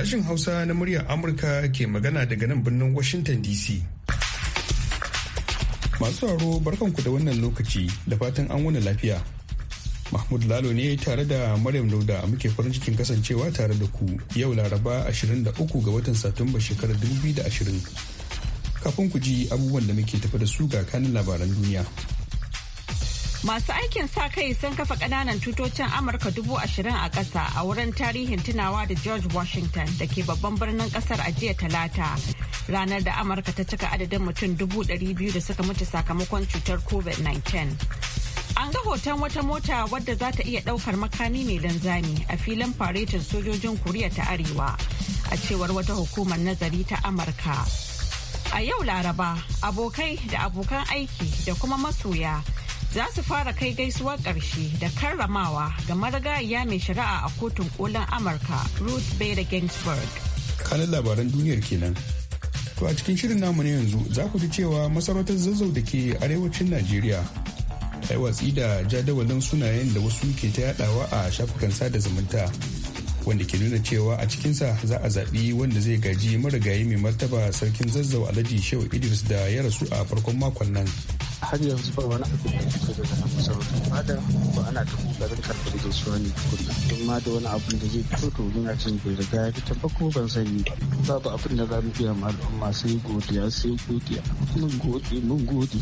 Sashen Hausa na muryar Amurka ke magana daga nan birnin Washington DC. Masu barkan ku da wannan lokaci da fatan an wani lafiya. Mahmud Lalo ne tare da Maryam Dauda muke farin cikin kasancewa tare da ku yau Laraba 23 ga watan Satumba shekarar 2020. Kafin ku ji abubuwan da muke tafi da su ga kanin labaran duniya. Masu aikin sa kai sun kafa kananan tutocin Amurka dubu ashirin a ƙasa a wurin tarihin tunawa da George Washington da ke babban birnin ƙasar a jiya talata. Ranar da Amurka ta cika adadin mutum dubu ɗari biyu da suka mutu sakamakon cutar COVID-19. An ga hoton wata mota wadda za ta iya ɗaukar makami mai linzami a filin faretin sojojin Koriya ta Arewa a cewar wata hukumar nazari ta Amurka. A yau Laraba, abokai da abokan aiki da kuma masoya za su fara kai gaisuwar ƙarshe da karramawa ga marigayya mai shari'a a kotun kolin amurka ruth bader ginsburg kanin labaran duniyar kenan to a cikin shirin namu na yanzu za ku ji cewa masarautar zazzau da ke arewacin najeriya ta yi watsi da jadawalin sunayen da wasu ke ta yadawa a shafukan sada zumunta wanda ke nuna cewa a cikinsa za a zaɓi wanda zai gaji marigayi mai martaba sarkin zazzau alhaji shehu idris da ya rasu a farkon makon nan har yanzu ba wani abu da ya fito daga nan ba da ba ana ta kokarin karɓar su wani tukunna duk ma da wani abu da zai fito to muna jin bai da gaya fita ba ko ban sani babu abin da za mu biya ma al'umma sai godiya sai godiya mun gode mun gode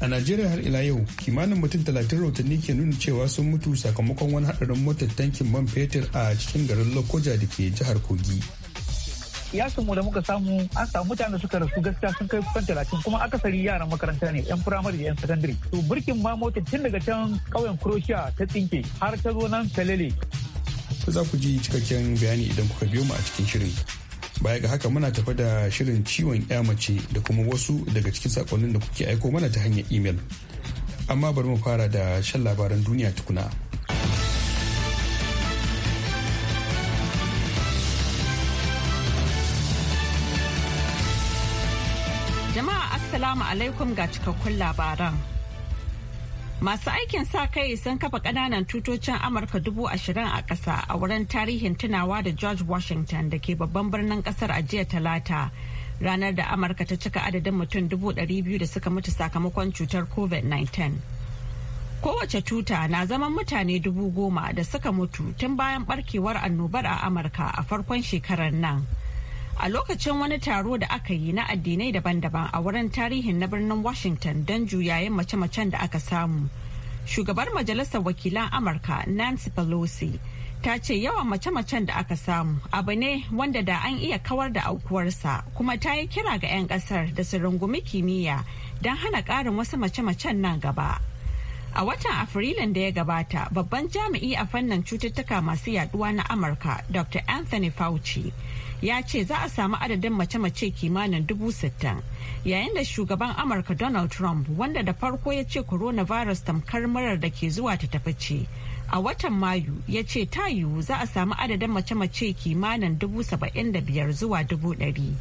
a najeriya har ila yau kimanin mutum talatin rautanni ke nuna cewa sun mutu sakamakon wani hadarin motar tankin man fetur a cikin garin lokoja da ke jihar kogi ya mu da muka samu an samu mutanen da suka rasu gaskiya sun kai kusan talatin kuma akasari yaran makaranta ne yan firamare da yan sakandare to birkin ma mota tun daga can ƙauyen croatia ta tsinke har ta zo nan talele za ku ji cikakken bayani idan kuka biyo mu a cikin shirin baya ga haka muna tafa da shirin ciwon ya mace da kuma wasu daga cikin sakonnin da kuke aiko mana ta hanyar imel amma bari mu fara da shan labaran duniya tukuna. Assalamu alaikum ga cikakkun labaran. Masu aikin sa kai sun kafa ƙananan tutocin Amurka dubu ashirin a ƙasa a wurin tarihin tunawa da George Washington da ke babban birnin ƙasar a jiya talata. Ranar da Amurka ta cika adadin mutum dubu ɗari biyu da suka mutu sakamakon cutar COVID-19. Kowace tuta na zaman mutane dubu goma da suka mutu tun bayan barkewar annobar a Amurka a farkon shekarar nan. a lokacin wani taro da aka yi na addinai daban-daban a wurin tarihin na birnin washington don juyayen mace-macen da aka samu shugabar majalisar wakilan amurka nancy pelosi ta ce yawan mace-macen da aka samu abu ne wanda da an iya kawar da aukuwarsa kuma ta yi kira ga 'yan kasar da su rungumi kimiyya don hana ƙarin wasu mace-macen nan gaba a watan afrilun da ya gabata babban jami'i a fannin cututtuka masu yaduwa na amurka dr anthony fauci ya ce za a samu adadin mace-mace kimanin dubu sittin yayin da shugaban amurka donald trump wanda da farko ya ce coronavirus tamkar murar da ke zuwa ta tafi ce a watan mayu ya ce ta yiwu za a samu adadin mace-mace kimanin dubu saba'in da biyar zuwa dubu ɗari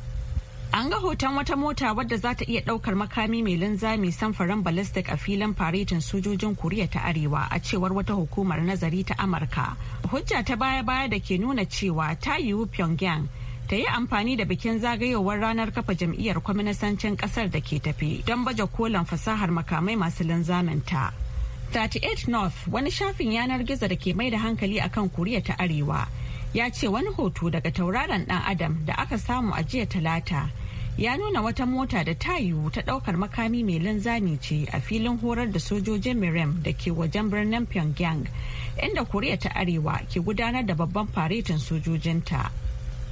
an ga hoton wata mota wadda za ta iya ɗaukar makami mai linzami samfarin ballistic a filin faretin sojojin koriya ta arewa a cewar wata hukumar nazari ta amurka hujja ta baya-baya da ke nuna cewa ta yiwu pyongyang ta yi amfani da bikin zagayowar ranar kafa jam'iyyar kwaminisancin kasar da ke tafi don baje kolan fasahar makamai masu linzaminta. 38 North wani shafin yanar gizo da ke mai da hankali akan Koriya ta Arewa ya ce wani hoto daga tauraron dan Adam da aka samu a jiya talata ya nuna wata mota da ta ta daukar makami mai linzami ce a filin horar da sojojin Mirem da ke wajen birnin Pyongyang inda Koriya ta Arewa ke gudanar da babban faretin sojojinta.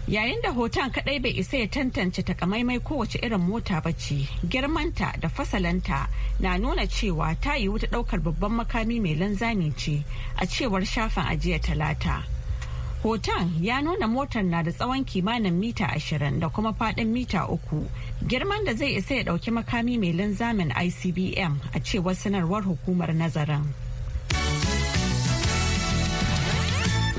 yayin da hoton kadai bai isa ya tantance takamaimai kowace irin mota ba ce girmanta da fasalanta na nuna cewa ta yi wuta daukar babban makami mai lanzami ce a cewar shafin ajiya talata hoton ya nuna motar na da tsawon kimanin mita ashirin da kuma fadin mita uku girman da zai isa ya dauki makami mai linzamin icbm a cewar sanarwar hukumar nazarin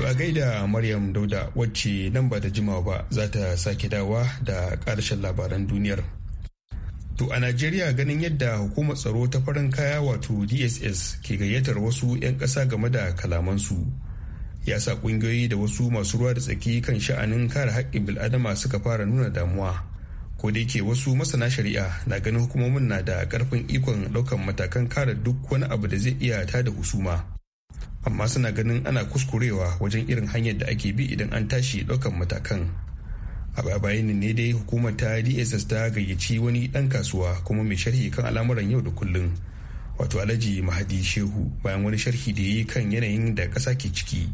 a gaida Maryam Dauda wacce nan ba da jimawa ba za ta sake dawa da ƙarshen labaran duniyar. To a Najeriya ganin yadda hukumar tsaro ta farin kaya wato DSS ke gayyatar wasu 'yan ƙasa game da kalamansu. Ya sa ƙungiyoyi da wasu masu ruwa da tsaki kan sha'anin kare haƙƙin bil'adama suka fara nuna damuwa. Ko da yake wasu masana shari'a na ganin hukumomin na da ƙarfin ikon ɗaukan matakan kare duk wani abu da zai iya tada husuma. amma suna ganin ana kuskurewa wajen irin hanyar da ake bi idan an tashi ɗaukan matakan a bayanin ne dai hukumar ta dss ta gayyaci wani ɗan kasuwa kuma mai sharhi kan al'amuran yau da kullum wato alhaji mahadi shehu bayan wani sharhi da yi kan yanayin da ƙasa ke ciki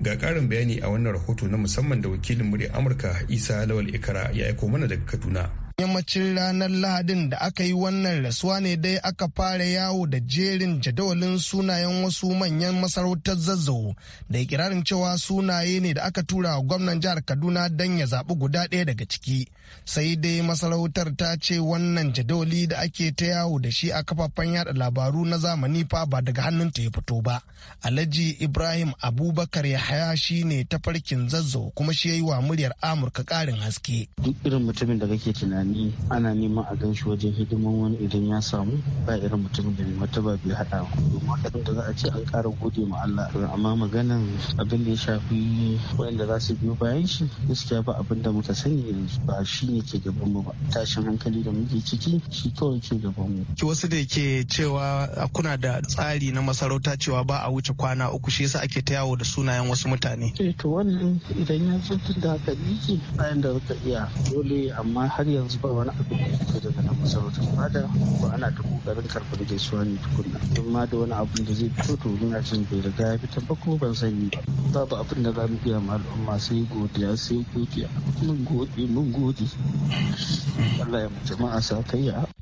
ga ƙarin bayani a wannan rahoto na musamman da wakilin murya amurka isa lawal ikara ya aiko mana daga kaduna yammacin ranar lahadin da aka yi wannan rasuwa ne dai aka fara yawo da jerin jadawalin sunayen wasu manyan masarautar zazzau da ikirarin cewa sunaye ne da aka tura wa gwamnan jihar kaduna don ya zaɓi guda ɗaya daga ciki sai dai masarautar ta ce wannan jadawali da ake ta yawo da shi a kafafen yada labaru na zamani fa ba daga hannun ta ya fito ba alhaji ibrahim abubakar yahaya shi ne farkin zazzau kuma shi ya yi wa muryar amurka ƙarin haske duk irin mutumin da kake tunani amfani ana neman a gan shi wajen hidiman wani idan ya samu ba irin mutumin da ba bai haɗa domin abin da za a ce an ƙara gode ma Allah amma maganan abin da ya shafi wanda za su biyo bayan shi gaskiya ba abin da muka sani yanzu ba shi ne ke gaban mu ba tashin hankali da muke ciki shi kawai ke gaban mu. Ki wasu da ke cewa kuna da tsari na masarauta cewa ba a wuce kwana uku shi yasa ake ta yawo da sunayen wasu mutane. Eh to wannan idan ya zo tun da haka ke bayan da ka iya dole amma har yanzu yanzu wani abu da ya fito daga nan masarautar fada ba ana ta kokarin da gaisuwa ne tukunna in ma da wani abun da zai fito to ina jin bai riga ya fita ba kuma ban sani ba babu abin da za mu iya ma al'umma sai godiya sai godiya mun gode mun gode Allah ya mu jama'a sa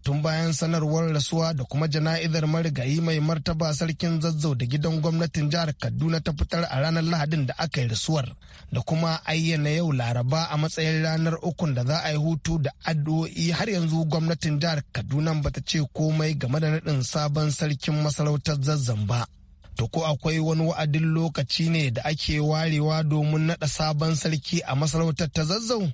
tun bayan sanarwar rasuwa da kuma jana'izar marigayi mai martaba sarkin zazzau da gidan gwamnatin jihar kaduna ta fitar a ranar lahadin da aka yi rasuwar da kuma ayyana yau laraba a matsayin ranar ukun da za a yi hutu da addu'o'i har yanzu gwamnatin jihar kaduna ba ta ce komai game da naɗin sabon sarkin masarautar zazzan ba to ko akwai wani wa'adin lokaci ne da ake warewa domin naɗa sabon sarki a masarautar ta zazzau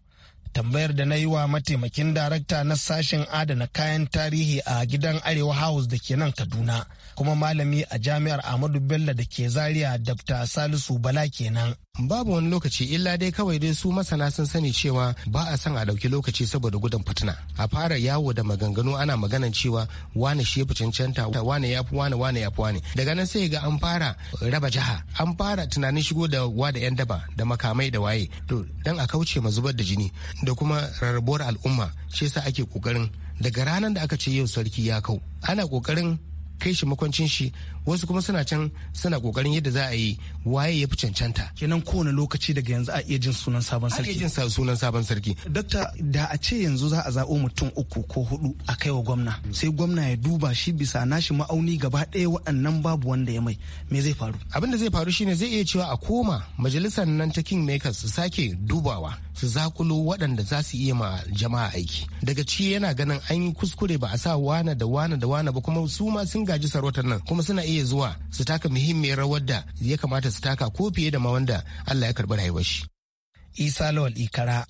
tambayar da na yi wa mataimakin darakta na sashen adana kayan tarihi a gidan arewa house da ke nan kaduna kuma malami a jami'ar ahmadu bello da ke zaria dr salisu bala kenan babu wani lokaci illa dai kawai dai su masana sun sani cewa ba a san a ɗauki lokaci saboda gudun fitina a fara yawo da maganganu ana maganan cewa wane shi fi cancanta wane ya fi wane wane ya fi wane daga nan sai ga an fara raba jiha an fara tunanin shigo da wa da yan daba da makamai da waye to dan a kauce ma zubar da jini da kuma rarrabuwar al'umma shi yasa ake kokarin daga ranar da aka ce yau sarki ya kau ana kokarin kai shi makwancin shi wasu kuma suna can suna kokarin yadda za a yi waye ya fi cancanta kenan kowane lokaci daga yanzu a iya jin sunan sabon sarki a iya jin sunan sabon sarki dakta da a ce yanzu za a zaɓo mutum uku ko hudu a kai gwamna sai gwamna ya duba shi bisa nashi ma'auni gaba ɗaya waɗannan babu wanda ya mai me zai faru abin da zai faru shine zai iya cewa a koma majalisar nan ta kingmakers su sake dubawa su zakulo waɗanda za su iya ma jama'a aiki daga ciye yana ganin an yi kuskure ba a sa wana da wana da wana ba kuma su ma sun gaji sarautar nan kuma suna iya zuwa su taka muhimmiyar rawar da ya kamata su taka ko fiye da ma wanda Allah ya karɓi rayuwar shi. Isa Lawal Ikara,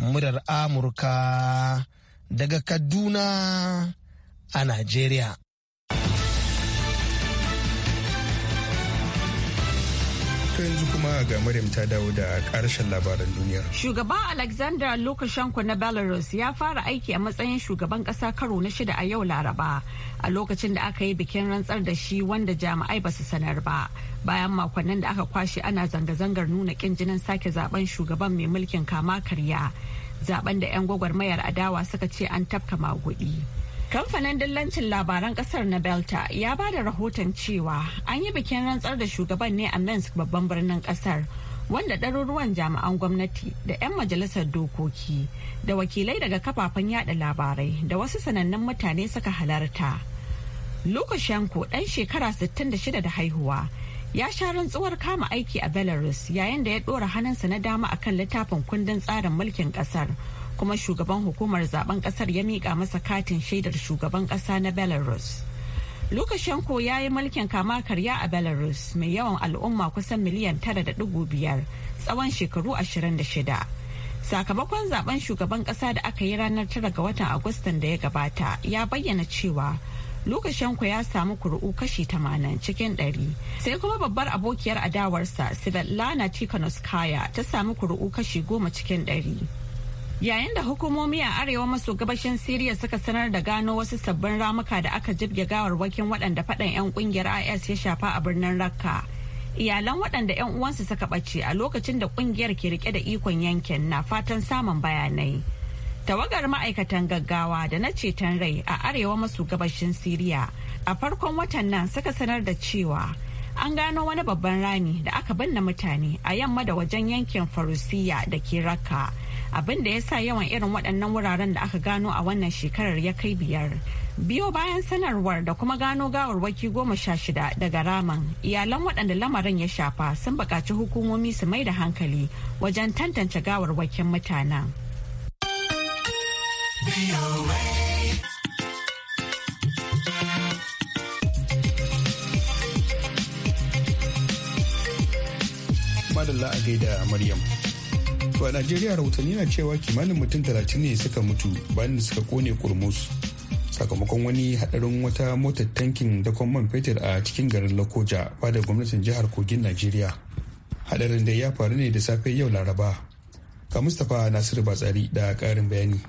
murar Amurka daga Kaduna a Najeriya. To yanzu kuma ga Maryam ta dawo da karshen labaran duniya. shugaban Alexander Lukashenko na Belarus ya fara aiki a matsayin shugaban ƙasa karo na shida a yau Laraba a lokacin da aka yi bikin rantsar da shi wanda jami'ai ba su sanar ba. Bayan makonnin da aka kwashe ana zanga-zangar nuna ƙin jinin sake zaben shugaban mai mulkin kama karya. Zaben da 'yan gwagwarmayar adawa suka ce an tafka maguɗi. Kamfanin dillancin labaran kasar na Belta ya ba da rahoton cewa an yi bikin rantsar da shugaban ne a Minsk babban birnin kasar wanda ɗaruruwan jami'an gwamnati da 'yan majalisar dokoki da wakilai daga kafafen yada labarai da wasu sanannen mutane suka halarta. Lukashenko ɗan shekara 66 da haihuwa ya sha rantsuwar kama aiki a Belarus yayin da ya ɗora hannunsa na dama akan littafin kundin tsarin mulkin ƙasar. kuma shugaban hukumar zaben kasar ya mika masa katin shaidar shugaban ƙasa na belarus lukashenko ya yi mulkin kama karya a belarus mai yawan al'umma kusan miliyan 9.5 tsawon shekaru 26 sakamakon zaben shugaban ƙasa da aka yi ranar tara ga watan agustan da ya gabata ya bayyana cewa lukashenko ya samu kuri'u kashi 80 cikin 100 sai kuma babbar abokiyar adawarsa svetlana tikhanovskaya ta samu kuri'u kashi 10 cikin 100 Yayin da hukumomi a arewa maso gabashin Siriya suka sanar da gano wasu sabbin ramuka da aka jirge gawarwakin waɗanda faɗan 'yan ƙungiyar IS ya shafa a birnin Rakka. Iyalan waɗanda 'yan uwansu suka ɓace a lokacin da ƙungiyar ke rike da ikon yankin na fatan samun bayanai. Tawagar ma'aikatan gaggawa da na ceton rai a arewa maso gabashin Siriya a farkon watan nan suka sanar da cewa an gano wani babban rami da aka binne mutane a yamma da wajen yankin Farusiya da ke Rakka. abin da ya sa yawan irin waɗannan wuraren da aka gano a wannan shekarar ya kai biyar biyo bayan sanarwar da kuma gano gawarwaki goma sha shida daga raman iyalan waɗanda lamarin ya shafa sun buƙaci hukumomi su mai da hankali wajen tantance gawarwakin mutanen madalla a gaida Maryam. To a Najeriya rahotanni na cewa kimanin mutum talatin ne suka mutu bayan da suka kone kurmus sakamakon wani hadarin wata motar tankin dakon man fetur a cikin garin Lokoja da gwamnatin jihar Kogin Najeriya. Hadarin da ya faru ne da safe yau Laraba. Ka Mustapha Nasiru Batsari da ƙarin bayani.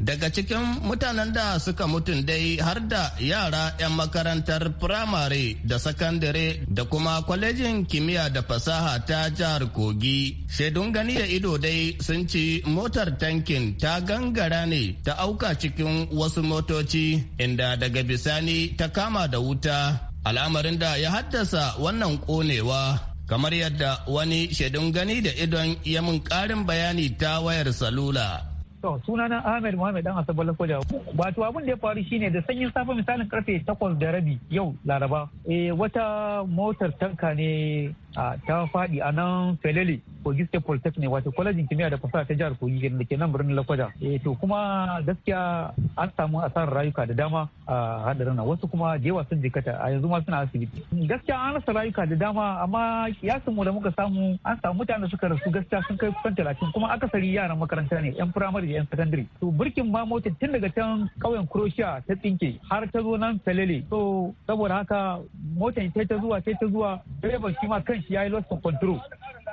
Daga cikin mutanen da suka mutun dai har da yara 'yan makarantar firamare da sakandare da kuma kwalejin kimiyya da fasaha ta jihar Kogi. Shaidun gani da ido dai sun ci motar tankin ta gangara ne ta auka cikin wasu motoci inda daga bisani ta kama da wuta. Al'amarin da ya haddasa wannan konewa. kamar yadda wani shaidun gani da idon ya mun karin bayani ta wayar salula To sunana Ahmed Mohamed dan Asabar Lakoja. Wato abin da ya faru shine da sanyin safe misalin karfe takwas da rabi yau Laraba. eh wata motar tanka ne Ah, ta faɗi a nan felele kogi polytechnic wato kwalejin kimiyya da fasaha ta jihar kogi da ke nan birnin E to kuma gaskiya an samu asarar rayuka da dama a hadarin nan wasu kuma jewa sun jikata a yanzu ma suna asibiti gaskiya an rasa rayuka da dama amma kiyasin mu da muka samu an samu mutane suka rasu gaskiya sun kai kusan talatin kuma akasari yaran makaranta ne yan firamare da yan sakandare to birkin ma mota tun daga can ƙauyen croatia ta tsinke har ta zo nan felele to saboda haka motar ta zuwa ta zuwa direban shi ma kan kanshi ya yi lost control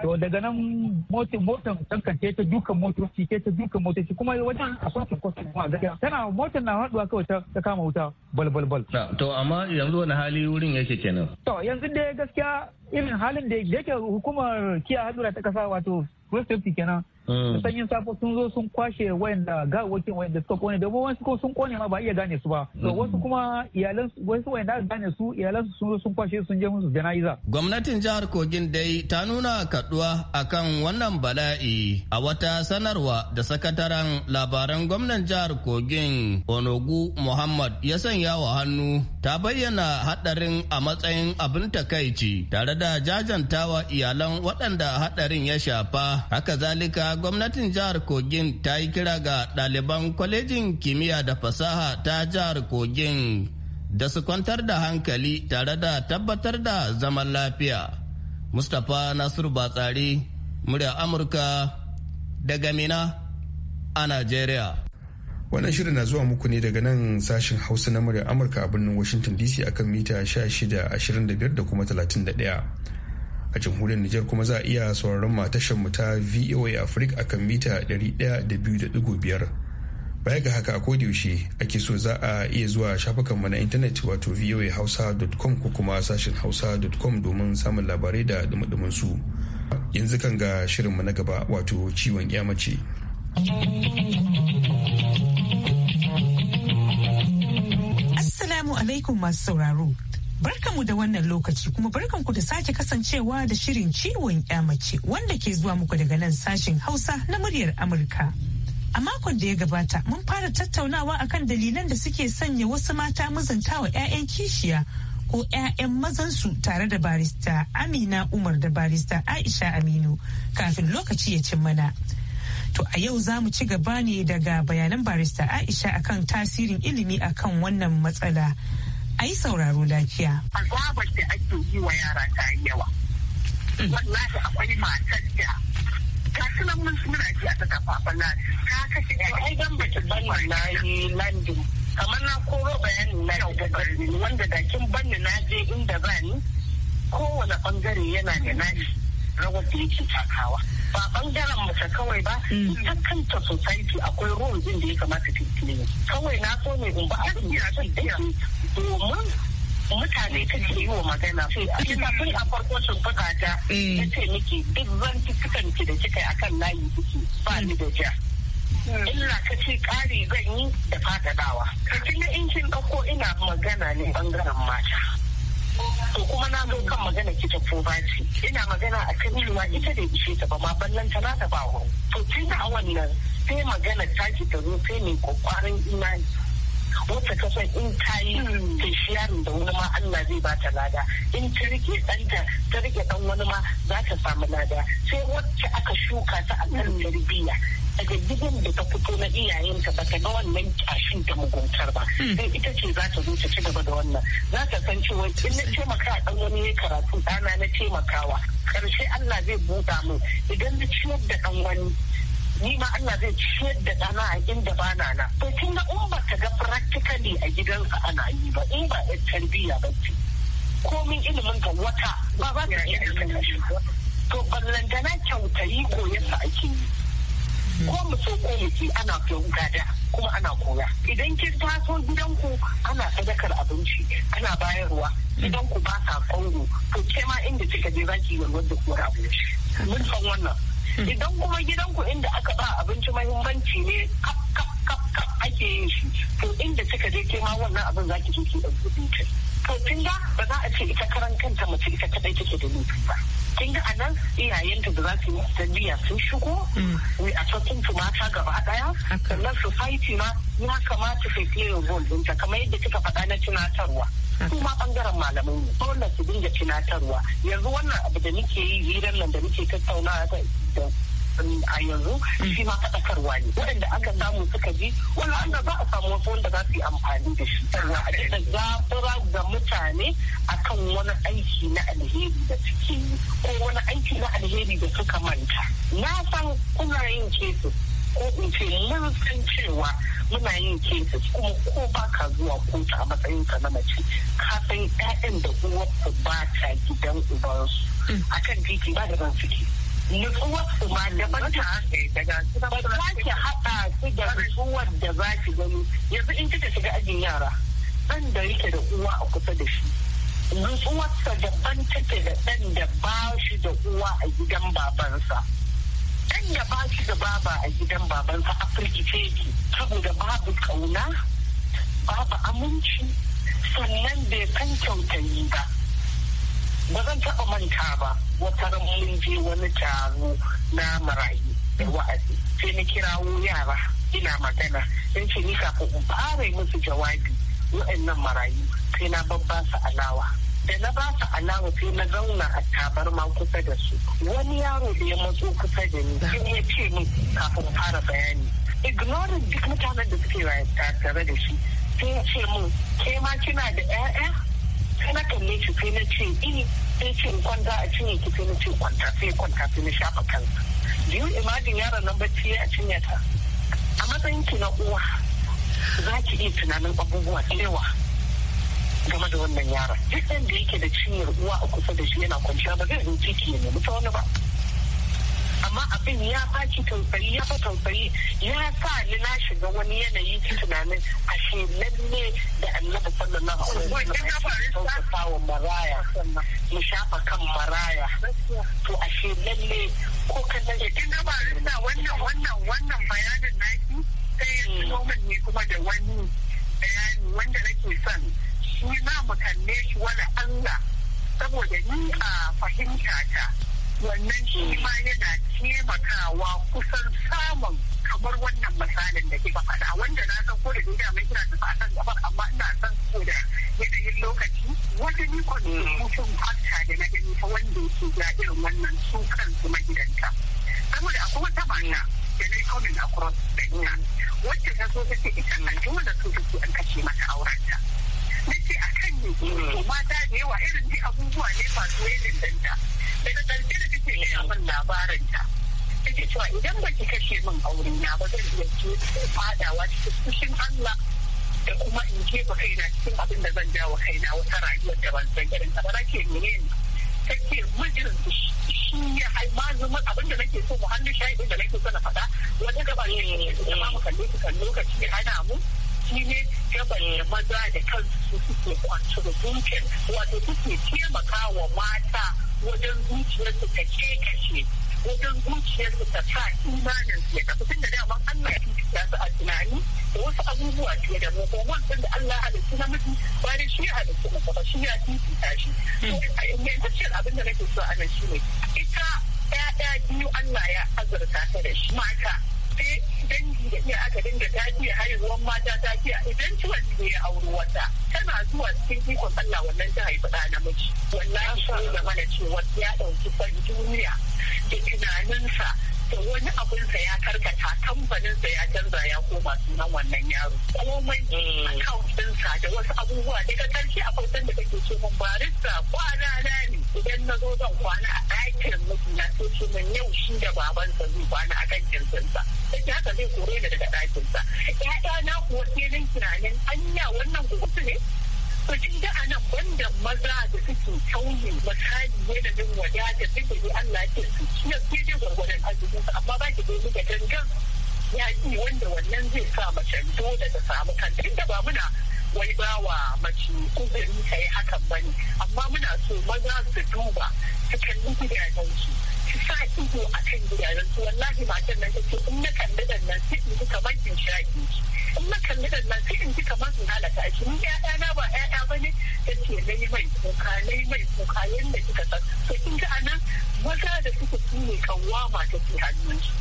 to daga nan motin motan tankance ta dukan motoci ke ta dukan motoci kuma wajen akwai cunkoso kuma gaskiya tana motan na haduwa kawai ta kama wuta bal bal bal to amma yanzu wani hali wurin yake kenan to yanzu dai gaskiya irin halin da yake hukumar kiyaye hadura ta kasa wato road safety kenan Mm. sanyin safo sun zo sun kwashe wayanda gawakin wayanda suka kone da wasu ko sun kone ma ba iya gane su ba to mm. wasu kuma iyalan wasu wayanda aka gane su iyalan su sun zo sun kwashe sun je musu jana'iza gwamnatin jihar Kogin dai ta nuna kaduwa akan wannan bala'i a wata sanarwa da sakataren labaran gwamnan jihar Kogin Onogu Muhammad ya sanya wa hannu ta bayyana hadarin a matsayin abin takaici tare da jajantawa iyalan waɗanda hadarin ya shafa haka zalika gwamnatin jihar kogin ta yi kira ga ɗaliban kwalejin kimiyya da fasaha ta jihar kogin da su kwantar da hankali tare da tabbatar da zaman lafiya mustapha nasiru batsari murya amurka daga mina a nigeria wannan shirin na zuwa muku ne daga nan sashen hausa na murya amurka a birnin washington dc akan mita 1625 da kuma 31 a jamhuriyar Nijar kuma za a iya sauraron matashin mu ta VOA Africa akan mita 102.5 baya ga haka a yaushe ake so za a iya zuwa shafukan mu na intanet wato voahausa.com ko kuma sashin hausa.com domin samun labarai da dumudumin su yanzu kan ga shirin mu na gaba wato ciwon yamace Assalamu alaikum masu sauraro Barkanmu da wannan lokaci kuma barkanku da sake kasancewa da shirin ciwon mace wanda ke zuwa muku daga nan sashen Hausa na muryar Amurka. A makon da ya gabata mun fara tattaunawa akan dalilan da suke sanya wasu mata wa 'ya'yan kishiya ko 'ya'yan mazansu tare da barista Amina Umar da barista Aisha Aminu kafin lokaci ya cin mana. To a yau za mu ci gaba ne daga bayanan barista Aisha akan tasirin ilimi akan wannan matsala. ai sauraro lafiya. Azabar da ake yi wa yara ta yawa. Mm. Wallahi akwai matar da ta suna mun muna ji a ta kafafen na ta kashe ƴaƴan dan bata banni na yi landin. Kamar na koro bayanin na da wanda dakin banni na je inda bani, ni kowane bangare yana da nashi. rawar da yake takawa ba bangaren mace kawai ba mm. ta kanta society akwai role din da ya kamata ta yi kawai na so ne in ba a domin mutane ta ke yi wa magana sai mm. a ina a farko sun buga ta ya mm. ce miki duk zantukan ki da kika akan layi kike ba ni da ja illa ta ce ganyi zan yi da fadadawa. Kakin na injin ɗauko ina magana ne bangaren mata. to kuma na zo kan magana kita ko ce ina magana a kan ita da ishe ta ba ma ballan ta ta ba to tun da wannan sai magana ta ki ta zo sai mai kokarin imani wacce ka san in ta yi ta da wani ma Allah zai ba ta lada in ta rike ɗanta ta rike ɗan wani ma za ta samu lada sai wacce aka shuka ta a kan tarbiyya daga gidan da ta fito na iyayenta ba ta ga wannan kyashin da muguntar ba hmm. sai ita ce za ta zo ta ci gaba da wannan za ta san cewa in na taimaka a ɗan wani ya karatu ɗana na taimakawa karshe Allah zai buɗa mu idan na ciyar da ɗan wani ni ma Allah zai ciyar da ɗana a inda ba na na to tun ga in ba ka ga practically a gidansa ana yi ba in ba yar tarbiyya ba ce komin ilimin ka wata ba ba ka iya aikata shi to ballantana kyautayi koyarsa ake yi hmm. ko mu so ko mu ci ana kyauta da kuma ana koya idan kin taso gidanku ana sadakar abinci ana bayarwa gidanku hmm. ba sa kauro to ke ma inda kika je zaki yi wanda kora abinci mun san wannan idan kuma gidan ku inda aka ba abinci mahimmanci ne kap kap kap kap ake yin shi to inda kika je ke ma wannan abin za ki je ki dauki dutse to kin ga ba za a ce ita karan kanta mace ita kadai take da ni ba kin ga anan iyayenta da za su yi tarbiyya sun shigo ne mm. a cikin su mata gaba daya sannan society ma ya kamata su play role ɗinta kamar yadda kika faɗa na tunatarwa su ma bangaren malamai ne dole su dinga tunatarwa yanzu wannan abu da muke yi hirar nan da muke tattaunawa a yanzu mm. shi ma faɗakarwa ne waɗanda aka samu suka ji wani wanda za a samu wasu wanda za su yi amfani da shi sannan a cikin zafura ga mutane akan wani aiki na alheri da suke yi ko wani aiki na alheri da suka manta na san kuna yin kesu ko in ce mun san cewa muna yin kesu kuma ko ba ka zuwa kotu a matsayin ka na mace ka san 'ya'yan da uwarsu ba ta gidan ubansu mm. akan titi ba da ban suke nutsuwa su ma daban ta haɗa su da nutsuwar da za ki gani yanzu in kika shiga ajin yara ɗan da yake da uwa a kusa da shi nutsuwarsa daban take da ɗan da ba shi da uwa a gidan babansa ɗan da ba shi da baba a gidan babansa a firgice yake saboda babu ƙauna babu aminci sannan bai san kyautayi ba ba zan taɓa manta ba wata mun je wani taro na marayu da wa'azi sai na kirawo yara ina magana in ce ni kafin in fara musu jawabi wa'annan marayu sai na babba su alawa da na ba su alawa sai na zauna a tabarma kusa da su wani yaro da ya matso kusa da ni sai ya ce min kafin fara bayani ignoring duk mutanen da suke tare da shi sai ya ce min ke ma kina da 'ya'ya sai na kalle shi sai na ce ini eh, sai ce in kwanta a cinye ki sai na ce kwanta sai kwanta sai na shafa kansa do you imagine yaron nan bacci a cinye ta a matsayin ki na uwa za ki iya tunanin abubuwa cewa game da wannan yaron duk da yake da cinyar uwa a kusa da shi yana kwanciya ba zai zo ciki ya nemi ta wani ba amma abin ya baki tausayi ya fa tausayi ya sa ni na shiga wani yanayi tunanin a shi lalle da annabi sallallahu alaihi wasallam ya fawo maraya mu shafa kan maraya to a shi lalle ko kan da kin ga barista wannan wannan wannan bayanin naki sai moment hmm. ne kuma da wani bayani wanda nake son shi na mu kalle shi wala Allah saboda ni a fahimta ta wannan shi ma yana taimakawa kusan samun kamar wannan misalin da kika faɗa wanda na san ko da ni da mai kira ta a san gaba amma ina san ko da yanayin lokaci wata ni ko ne mm. mutum hakka da na gani ta wanda yake ga irin wannan su kansu magidanta saboda akwai wata mata da na yi a kuro da ina mm. wacce ta so ta ce ita nan dole su take an kashe mata aurenta to mata da yawa irin dai abubuwa ne masu wajen danta daga ƙarshe da take gaya min labarin ta take cewa idan baki kashe min aure na ba zan iya fadawa cikin fushin Allah da kuma in jefa kaina cikin abin da zan jawo kaina wata rayuwar da ban san irin ta ba nake mene ne take mijin shi ya haifa abin da nake so mu hannu da nake so na faɗa wata gaba ne ya ma mu kalle su kan lokaci hana mu shi ne gabaye maza da kansu suke contribution wato suke taimaka wa mata wajen zuciyarsu ta ke kashe wajen zuciyarsu ta sa imanin su ya tafi tun da daman Allah ya fita su a tunani da wasu abubuwa fiye da mu ko wancan da Allah halittu namiji ba da shi halittu na ba shi ya fifita shi. Yantacciyar abin da nake so a nan shi ne ita ‘ya'ya biyu Allah ya azurta ta da shi mata sai dangi ne aka dinga ta ke haihuwar mata ta idan ciwon ne ya auri wata tana zuwa cikin ikon Allah wannan ta haifi ɗa namiji wallahi shi zama da cewa ya ɗauki kwan duniya da tunaninsa to wani abun sa ya karkata kamfanin sa ya canza ya koma sunan wannan yaro komai mm. account sa da wasu abubuwa daga karshe akwai da kake so mun barista kwana na ne idan na zo zan kwana a ɗakin miji na so mun yau shi da baban sa zai kwana a kan kirkin sa sai haka zai kore ni daga ɗakin sa ƴaƴa na kuwa sai nan tunanin anya wannan gudu ne Mutum da a nan banda maza da suke tauye misali yanayin wada duk da dai Allah ke su ciyar sai dai gwargwadon arzikin amma ba ki dai da gangan yaƙi wanda wannan zai sa mace dole ta samu kanta inda ba muna wai ba wa mace kuzari ta yi hakan ba ne amma muna so maza su duba su kalli gidajen su su sa ido a kan gidajen su wallahi matan nan take in na kalli dan nan sai in ji kamar in shaki shi in na kalli dan nan sai in ji kamar in halaka shi ni da na ba ya'ya ba ne take na yi mai kuka na yi mai kuka yanda kika san to kin ga anan maza da suka tune kawama take hannun su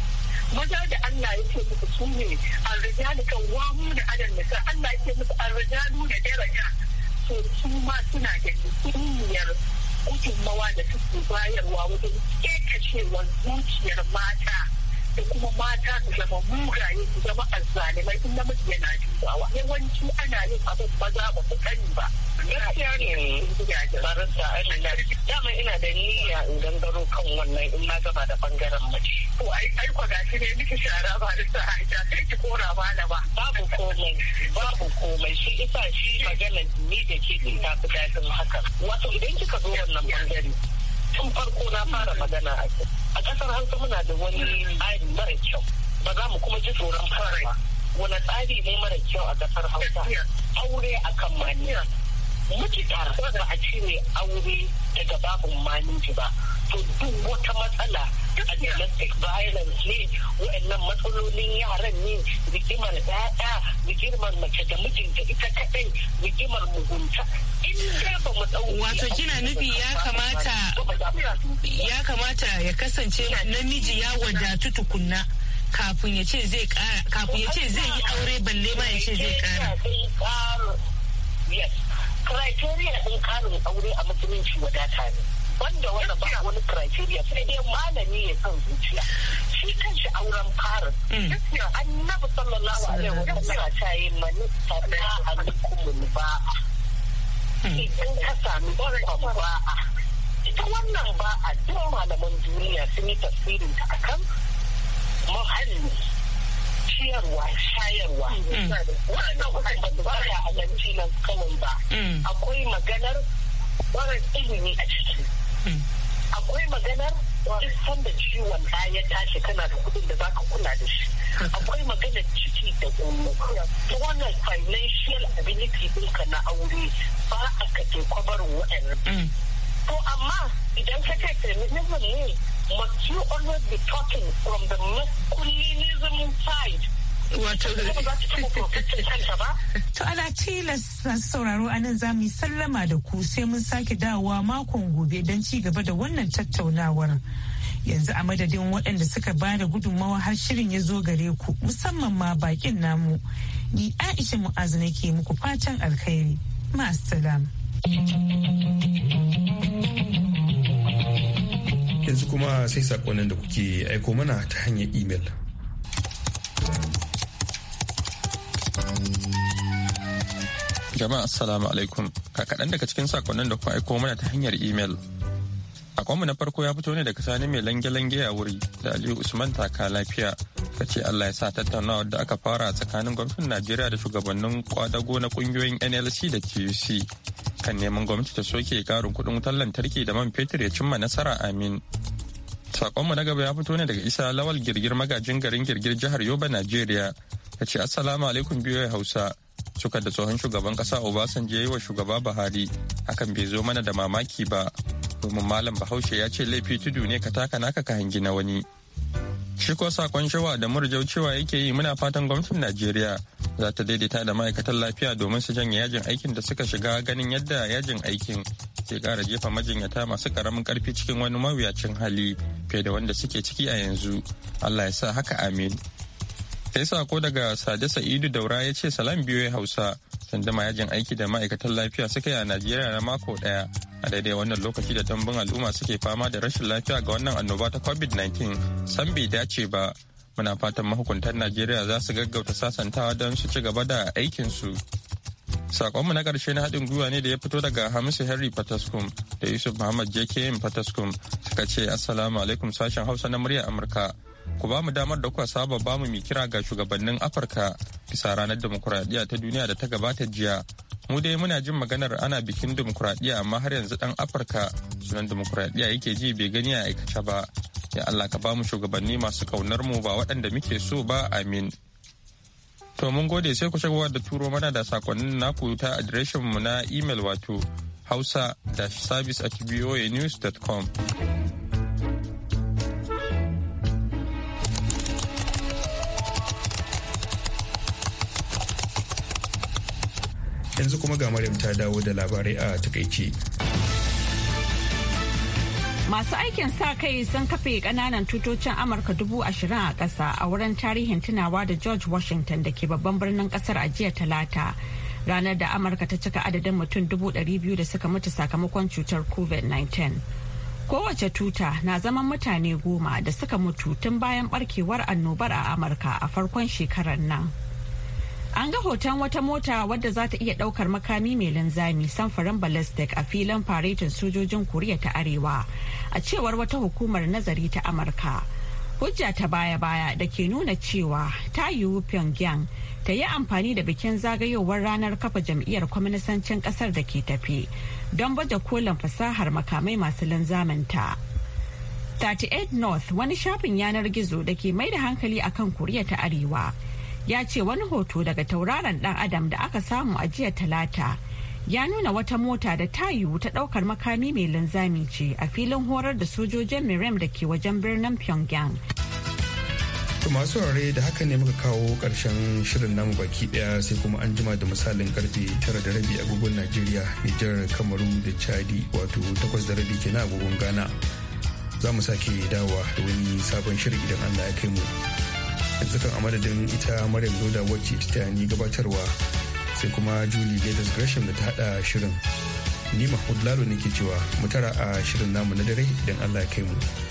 maza da Allah ya ce muku su ne arrijali kan wamu da adam da sa Allah ya ce muku arrijalu da daraja to su ma suna da kimiyyar gudunmawa da suke bayarwa wajen kekacewar zuciyar mata da kuma mata su zama mugaye su zama azzalimai in namiji yana dubawa yawanci ana yin abin maza ba su sani ba gaskiya ne barista amina dama ina da niyya in gangaro kan wannan in na gaba da bangaren mace to ai ai ko shi ne miki shara ba aisha sai ki kora bala ba babu komai babu komai shi isa shi magana ni da ke ta fi daɗin haka wato idan kika zo wannan bangare tun farko na fara magana a a kasar hausa muna da wani tsari mara kyau ba za mu kuma ji tsoron fara ba wani tsari ne mara kyau a kasar hausa aure a kan maniya mutuka ba a ce mai aure daga babu maninci ba to duk wata matsala a domestic violence ne wa'annan matsalolin yaran ne rigimar dada rigimar mace da mijinta ita kadai rigimar mugunta wato kina nufi ya kamata ya kamata ya kasance namiji ya wadatu tukunna kafin ya ce zai kara kafin ya ce zai yi aure balle ma ya ce zai kara criteria din karin aure a musulunci wadata ne wanda wanda ba wani criteria sai dai malami ya san zuciya shi kanshi auren farin hmm. annabi sallallahu alaihi wa sallam ta yi mani sana'a alkumul ba'a hmm. idan ka sami kwan ba'a ita wannan ba'a duk malaman duniya sun yi tafsirin ta akan muhalli ciyarwa shayarwa hmm. wannan kuma ba ya alanci nan kawai ba akwai maganar barin ilimi a ciki akwai maganar duk da ciwon ya tashi kana da kudin da za ka kula da shi akwai maganar ciki da kuma. ta wannan financial ability ɗinka na aure ba a ke kwabarin waɗannan to amma idan ka ce feminism ne must you always be talking from the masculinism side wato to ana tilas sauraro anan za mu yi sallama da ku sai mun sake dawowa makon gobe don ci gaba da wannan tattaunawar yanzu a madadin waɗanda suka ba da gudunmawa har shirin ya zo gare ku musamman ma bakin namu ni aisha mu'azu nake muku fatan alkhairi ma'asalam yanzu kuma sai saƙonin da kuke aiko mana ta hanyar imel. Jama'a assalamu alaikum. Ka kaɗan daga cikin sakonnin da kuma aiko mana ta hanyar imel. Akwai na farko ya fito ne daga sani mai lange-lange a wuri da Aliyu Usman taka lafiya. Ka ce Allah ya sa tattaunawar da aka fara tsakanin gwamnatin Najeriya da shugabannin kwadago na ƙungiyoyin NLC da TUC kan neman gwamnati ta soke karin kuɗin wutar lantarki da man fetur ya cimma nasara amin. Sakonmu na gaba ya fito ne daga Isa Lawal Girgir magajin garin Girgir jihar Yoba Najeriya ta ce assalamu alaikum biyu hausa suka da tsohon shugaban kasa obasanjo yi wa shugaba buhari hakan bai zo mana da mamaki ba domin malam bahaushe ya ce laifi tudu ne ka taka naka ka hangi na wani shi ko sakon shawa da murjau cewa yake yi muna fatan gwamnatin najeriya za ta daidaita da ma'aikatan lafiya domin su janye yajin aikin da suka shiga ganin yadda yajin aikin ke kara jefa majinyata masu karamin karfi cikin wani mawuyacin hali fiye da wanda suke ciki a yanzu allah ya sa haka amin sai sako daga sade sa'idu daura ya ce salam ya hausa sandama yajin aiki da ma'aikatan lafiya suka yi a najeriya na mako daya a daidai wannan lokaci da tambun al'umma suke fama da rashin lafiya ga wannan annoba ta covid-19 san bai dace ba muna fatan mahukuntan najeriya za su gaggauta sasantawa don su ci gaba da aikinsu Sakonmu na ƙarshe na haɗin gwiwa ne da ya fito daga Hamisu Henry Fataskum da Yusuf Muhammad JKM Fataskum suka ce Assalamu alaikum sashen Hausa na muryar Amurka. ku ba mu damar da kuka saba ba mu mai kira ga shugabannin afirka bisa ranar demokuraɗiyya ta duniya da ta gabata jiya mu dai muna jin maganar ana bikin demokuraɗiyya amma har yanzu dan afirka sunan demokuraɗiyya yake ji bai gani a aikace ba ya allah ka ba mu shugabanni masu kaunar mu ba waɗanda muke so ba amin to mun gode sai ku shagowa da turo mana da sakonnin naku ta adireshin mu na imel wato hausa-service at com. yanzu kuma ga Maryam ta dawo da labarai a takaice. Masu aikin sa kai sun kafe kananan tutocin Amurka dubu ashirin a ƙasa a wurin tarihin tunawa da George Washington da ke babban birnin ƙasar a jiya talata. Ranar da Amurka ta cika adadin mutum dubu ɗari biyu da suka mutu sakamakon cutar COVID-19. Kowace tuta na zaman mutane goma da suka mutu tun bayan barkewar annobar a Amurka a farkon shekarar nan. An ga hoton wata mota wadda za ta iya daukar makami mai linzami samfurin ballistic a filin faretin sojojin Koriya ta Arewa a cewar wata hukumar nazari ta Amurka. Hujja ta baya-baya da ke nuna cewa ta yiwu Pyongyang ta yi amfani da bikin zagayowar ranar kafa jam'iyyar kwaminisancin kasar da ke tafi don baje kolin fasahar makamai masu linzaminta. 38 North wani shafin yanar gizo da ke mai da hankali akan Koriya ta Arewa. ya ce wani hoto daga tauraron dan adam da aka samu a jiya talata ya nuna wata mota da ta yiwu ta daukar makami mai linzami ce a filin horar da sojojin miram da ke wajen birnin pyongyang masu saurare da haka ne muka kawo karshen shirin namu baki daya sai kuma an jima da misalin karfe tara da rabi agogon najeriya nijar kamaru da chadi wato takwas da rabi kenan agogon ghana za mu sake dawa da wani sabon shirin idan allah ya kai mu yanzu kan a ita maryam doda wacce ta tayani gabatarwa sai kuma julie gators gresham da ta hada shirin ni mahmud lalo ne cewa mu tara a shirin namu na dare idan allah ya kai mu.